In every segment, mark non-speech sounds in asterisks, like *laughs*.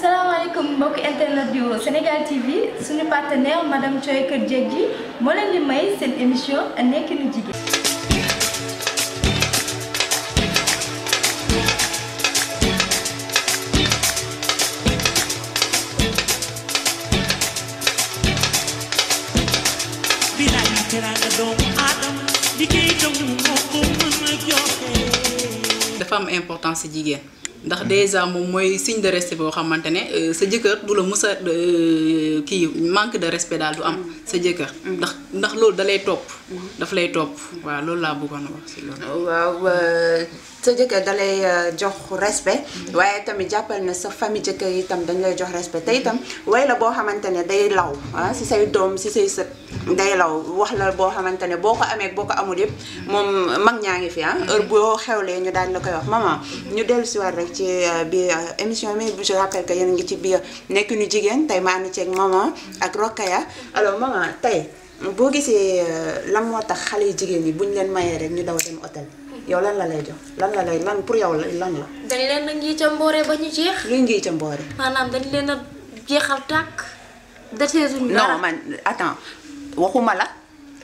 salaamaaleykum mbokki internet yu Senegal TV suñu partenaire madame Thioye Kër Diegji moo di may seen émission nekkinu jigéen. bilaay teraanga doomu dafa am importance ndax mhm. déjà moom mooy signe de respect boo xamante ne euh, sa jëkkër du la mës euh, kii manque de respect daal du am mhm. sa jëkkër. Mhm. ndax ndax loolu da lay topp. daf lay topp waaw loolu laa bëggoon wax si euh, jëkkër da lay jox respect. waaye tamit jàppal na sa famille jëkkër itam dañ lay jox respect te itam way la boo xamante ne day law ah si say doom si say sët. day law wax la boo xamante ne boo ko amee boo ko amul yëpp moom mag ñaa ngi fi ah heure boo xew xewlee ñu daal la koy wax maman ñu dellu si waat rek. ci euh, bi euh, émission bi je rappelle que yéen ngi ci biir nekkinu jigéen tey ma ànd ceeg maman ak ya alors maman tey boo gisee euh, lan moo tax xale yu jigéen yi buñ leen mayee rek ni daw dem hôtel yow lan la lay jox lan la lay lan pour yow lan la. dañ leen a ngi ca mboore ba ñu jeex. luy ngi ca mboore. maanaam dañ leen a jeexal tàkk. deseetuñu dara non man attends waxuma la.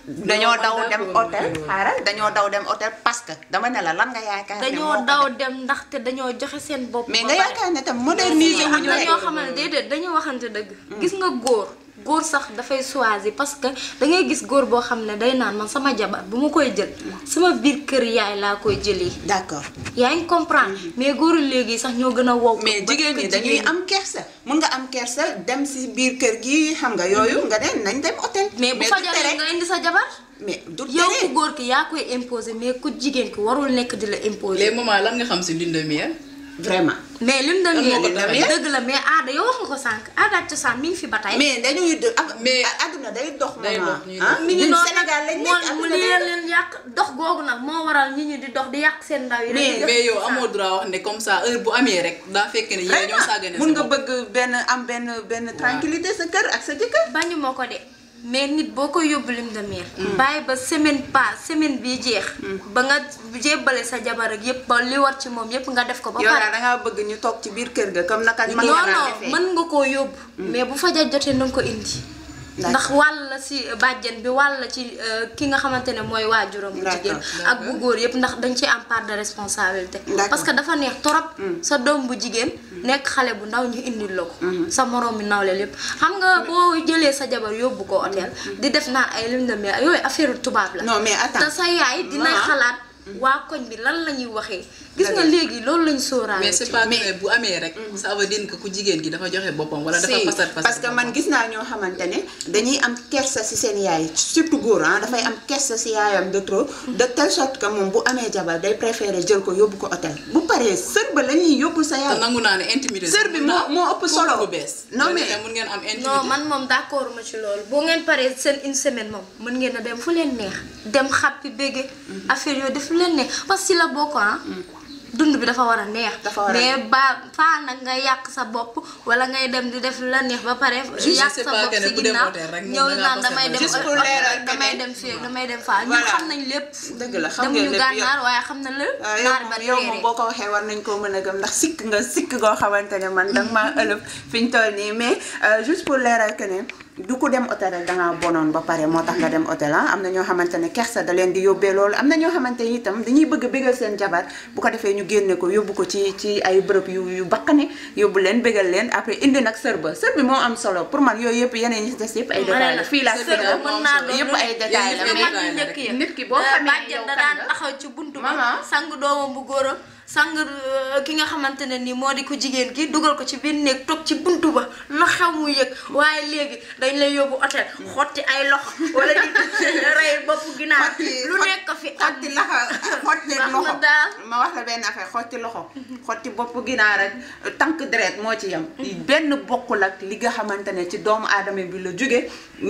dañoo daw dem hôtel xaaral dañoo daw dem hôtel parce que dama ne la lan nga yaakaar ne dañoo daw dem ndaxte dañoo joxe seen bopp. mais nga yaakaar ne tam moderniser wu ñu rek dañoo xam ne dañoo waxante dëgg. Mm. gis nga góor. góor sax dafay choisir parce que da ngay gis góor boo xam ne day naan man sama jabar bu ma koy jël sama biir kër yaay laa koy jëlee. d'accord yaa ngi comprendre mm. mais góoru léegi sax ñoo gën a wow. mais jigéen ñi dañuy am kersa. mun nga am kersa dem si biir kër gi xam nga yooyu mm-hmm. nga ne nañ dem hôtel. mais bu fajaree nga indi sa jabar. mais du tere yow ku góor ki yaa koy imposer mais ku jigéen ki warul nekk di la imposer. les la nga xam si lune de vraiment. mais li mu doon yéene dëgg la mais aada yow wax nga ko sànq aada ak cosaan mi ngi fi ba mais dañuy mais adduna day dox. day ah? dox mi ngi noonu Sénégal lañ nekk adduna day leen yàq dox googu nag moo waral nit ñi di dox di yàq seen ndaw yi. mais mais yow amoo droit wax ne comme ça heure bu amee rek. daa fekk ne yéen ñoo sàggane. mun nga bëgg benn am benn benn. tranquillité sa kër ak sa jëkkër. bañu moo ko de. mais nit boo ko yóbbu lim de meer mm. bàyyi ba semaine pas semaine bi jeex mm. ba nga jébbalee sa jabar ak yëpp li war ci moom yëpp nga def ko ba pare da ngaa bëgg ñu toog ci biir kër ga comme naka non non mën nga koo yóbbu mm. mais bu fajar jotee na ko indi ndax wàll la si euh, bàjjen bi wàll la ci euh, ki nga xamante ne mooy waajuram bu jigéen ak bu góor yëpp ndax dañ ci am part de responsabilité parce que dafa neex torop sa doom bu jigéen nekk xale bu ndaw ñu indil la ko. Mhm. sa morom mi nawle lépp xam nga boo jëlee sa jabar yóbbu ko hôtel. Mhm. di def naa ay lim de mais yooyu affaire tubaab la. non mais attends te sa yaay dina xalaat. waa koñ bi lan la ñuy waxee. gis nga léegi loolu lañ sóoraale. mais c'est pas que bu amee rek. Mm-hmm. ça veut dire que ku jigéen gi dafa joxe boppam wala dafa fasat fasat. parce que man gis naa ñoo xamante ne dañuy am kersa si seen yaay surtout góor ah dafay am kersa ci yaayam de trop. Mm-hmm. de telle sorte que moom bu amee jabar day préférer jël ko yóbbu ko hôtel. bu paree sër ba la ñuy yóbbu sa yaay. te naa ne intimidé. sër bi moo moo ëpp solo ko bees. non mais am intimidé. non man moom d'accord ma ci loolu boo ngeen paree seen une semaine moom mën ngeen a dem fu leen neex dem xàppi bégge mm-hmm. affaire yooyu def lu leen parce que la bokk ah. mm. dund bi dafa war a neex. mais ba faa nag nga yàq sa bopp wala ngay dem di def la neex ba pare. yàq sa bopp si ginnaaw ñëw naan damay dem damay dem fii damay dem faa ñu xam nañ lépp. dëgg la xam ngeen lépp gànnaar waaye xam na la. Ah, naar ba yow boo ko waxee war nañ koo mën a gëm ndax sikk nga sikk goo xamante ne man. danga maa *laughs* ëlëf fi ñu toll nii mais euh, juste pour leeral que du ko dem hôtel rek da ngaa bonoon ba pare moo tax nga dem hôtel ah am na ñoo xamante ne kersa da leen di yóbbee loolu am na ñoo xamante ni itam dañuy bëgg a bégal seen jabar bu ko defee ñu génne ko yóbbu ko ci ci ay bërëb yu yu baqane yóbbu leen bégal leen après indi nag sër ba sër bi moo am solo pour man yooyu yëpp yeneen yi des yëpp ay détails la fii la sër ba yëpp ay détails la ya. nit ki boo xamee yow daan taxaw ci buntu ba sang doomam bu góoram sang euh, ki nga xamante ne nii moo ko jigéen gi dugal ko ci biir néeg toog ci buntu ba xew mu yëg waaye léegi dañ lay yóbbu hôtel xotti ay loxo wala di rey bopp ginaar lu nekk fi xotti loxo xotti loxo ma wax la benn affaire xotti loxo xotti bopp ginaar ak tànk deret moo ci yem benn bokkul ak li nga xamante ne ci doomu aadama bi la jóge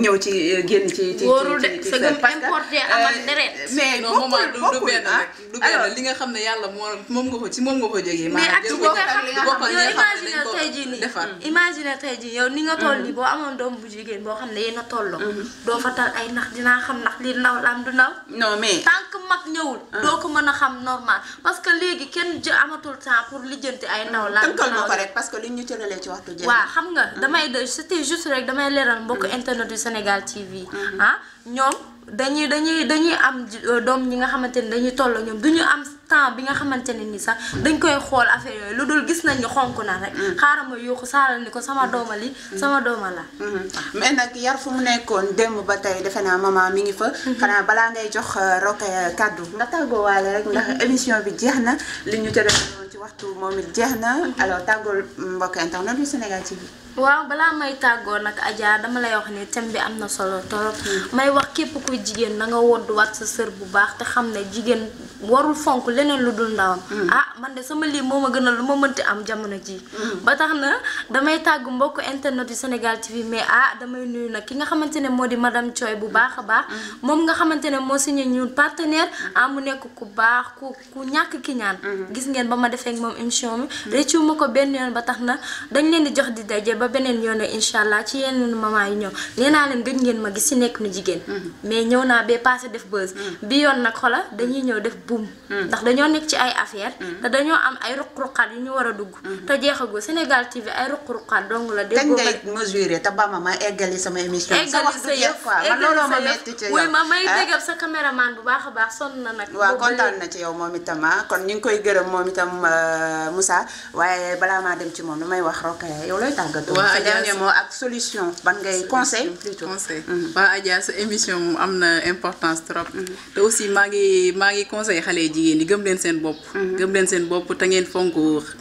ñëw ci euh, génn ci ci wóorul de sa gëm importé euh, amal deret mais bokkul bokkul ah. du benn li nga xam ne yàlla moo moom nga ko ci moom nga ko jógee mais ak li nga xam imagine tey jii imagine tey jii yow ni nga toll nii mm-hmm. boo amoon doom bu jigéen boo xam ne yéen a tolloo. Mm-hmm. doo fa tal ay nax dinaa xam nax li ndaw la am du ndaw. non mais tant que mag ñëwul. Ah. doo ko mën a xam normal parce que léegi kenn jë amatul temps pour lijjanti ay ndaw la. tënkal ma ko rek parce que liñ ñu cëralee ci waxtu jeex. waaw xam nga mm-hmm. damay de c'était juste rek damay leeral mbokk internet du Sénégal TV. ah ñoom. dañuy dañuy dañuy am euh, doom ñi nga xamante ni dañuy toll ñoom du ñu am temps bi nga xamante ne ni sax dañ koy xool affaire yooyu lu dul gis nañ ni xonk na rek. Mm. xaaral ma yuuxu saalal ni ko sama dooma li mm. sama dooma la. Mm-hmm. mais nag yar fu mu nekkoon démb ba tey defe naa maman mi ngi fa. Mm-hmm. xanaa balaa ngay jox euh, roqe euh, kàddu nga tàggoo waale rek ndax mm-hmm. émission bi jeex na li ñu tëral ci waxtu moom it jeex na alors tàggool mm, mbokk internet bi Sénégal TV. waaw balaa may tàggoo nag Adja dama lay wax ne thème bi am na solo torop may wax képp kuy jigéen na nga wodduwaat sa sër bu baax te xam ne jigéen warul fonk leneen lu dul ndawam mm. ah man de sama lii moo ma gënal lu ma mënti am jamono ji mm. ba tax na damay tàgg mbokk internet yu Sénégal TV mais ah damay nuyu nag ki nga xamante ne moo di madame Thioy bu baax a baax mm. moom nga xamante ne moo signé ñun partenaire ah mu nekk ku baax ku ku ñàkk ki ñaan gis ngeen ba ma defee ak moom émission mi réccu ko benn yoon ba tax na dañ leen di jox di daje ba beneen yoon incha allah ci yeneen moment yi ñëw nee naa leen gëj ngeen ma gis si nekk nu jigéen. Mm-hmm. mais ñëw naa bee passé def buzz. Mm-hmm. bi yoon nag xola dañuy ñëw def boom. Mm-hmm. ndax dañoo nekk ci ay affaire te dañoo am ay ruq-ruqaat yu ñu war a dugg. te jeexagul Sénégal TV ay ruq-ruqaat dong la. déggoo ma kañ ngay mesurer te ba ma ma eggali sama émission. eggali sa yëf sa wax quoi man looloo ma métti ci yow. oui ma may ah. dégg sa caméraman bu baax a baax sonn na nag. waaw kontaan na ci yow moom itam ah. kon ñu ngi koy gërëm moom itam euh, Moussa waaye balaa dem ci moom damay wax Rokhaya yow looy tàggatoo waa Adja dernier mot solution ban ngay conseil plutôt conseil mm-hmm. sa émission moom am na importance trop mm-hmm. te aussi maa ngi maa ngi conseil xale yi jigéen ñi gëm leen seen bopp mm-hmm. gëm leen seen bopp te ngeen fonk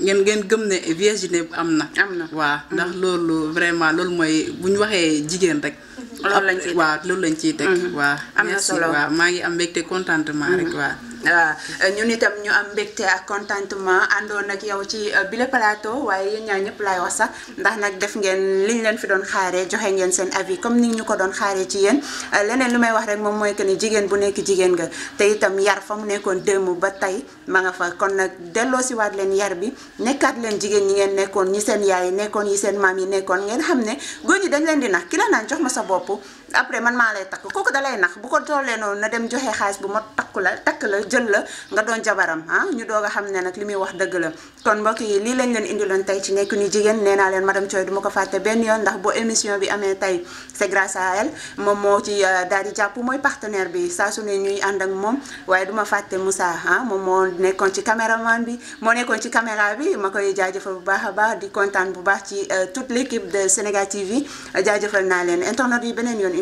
ngeen ngeen gëm ne virginité am na am na waa ndax loolu vraiment loolu mooy bu ñu waxee jigéen rek loolu lañ ciy teg waaw loolu lañ ciy teg waaw am solo waaw maa ngi am mbégte contentement rek waaw waa euh, ñun itam ñu am mbégte ak contentement àndoon ak yow ci euh, bile plateau waaye yéen ñaa ñëpp laay wax sax ndax nag def ngeen li ñu leen fi doon xaaree joxe ngeen seen avis comme ni ñu ko doon xaaree ci yéen euh, leneen lu may wax rek moom mooy que ni jigéen bu nekk jigéen nga te itam yar fa mu nekkoon démb ba tey ma nga fa kon nag delloo si waat leen yar bi nekkaat leen jigéen ñi ngeen nekkoon ñi seen yaay nekkoon yi seen maam yi nekkoon ngeen xam ne góor ñi dañ leen di nax ki jox ma sa bopp après man maa lay takk kooku da lay nax bu ko tollee noonu na dem joxe xaalis bu ma takku la takk la jël la nga doon jabaram ah ñu doog xam ne nag li muy wax dëgg la kon mbokk yi lii lañ leen indiloon tey ci nekk ni jigéen nee naa leen madame Thioye du ma ko fàtte benn yoon ndax boo émission bi amee tey c'est grâce à moom moo ci euh, daal di jàpp mooy partenaire bi saa su ne ñuy ànd ak moom waaye duma fàtte mussa ah, moom moo nekkoon ci caméraman bi moo nekkoon ci caméra bi ma koy jaajëfal bu baax a baax di kontaan bu baax ci euh, toute l'équipe de Sénégal TV jaajëfal naa leen internet yi beneen yoon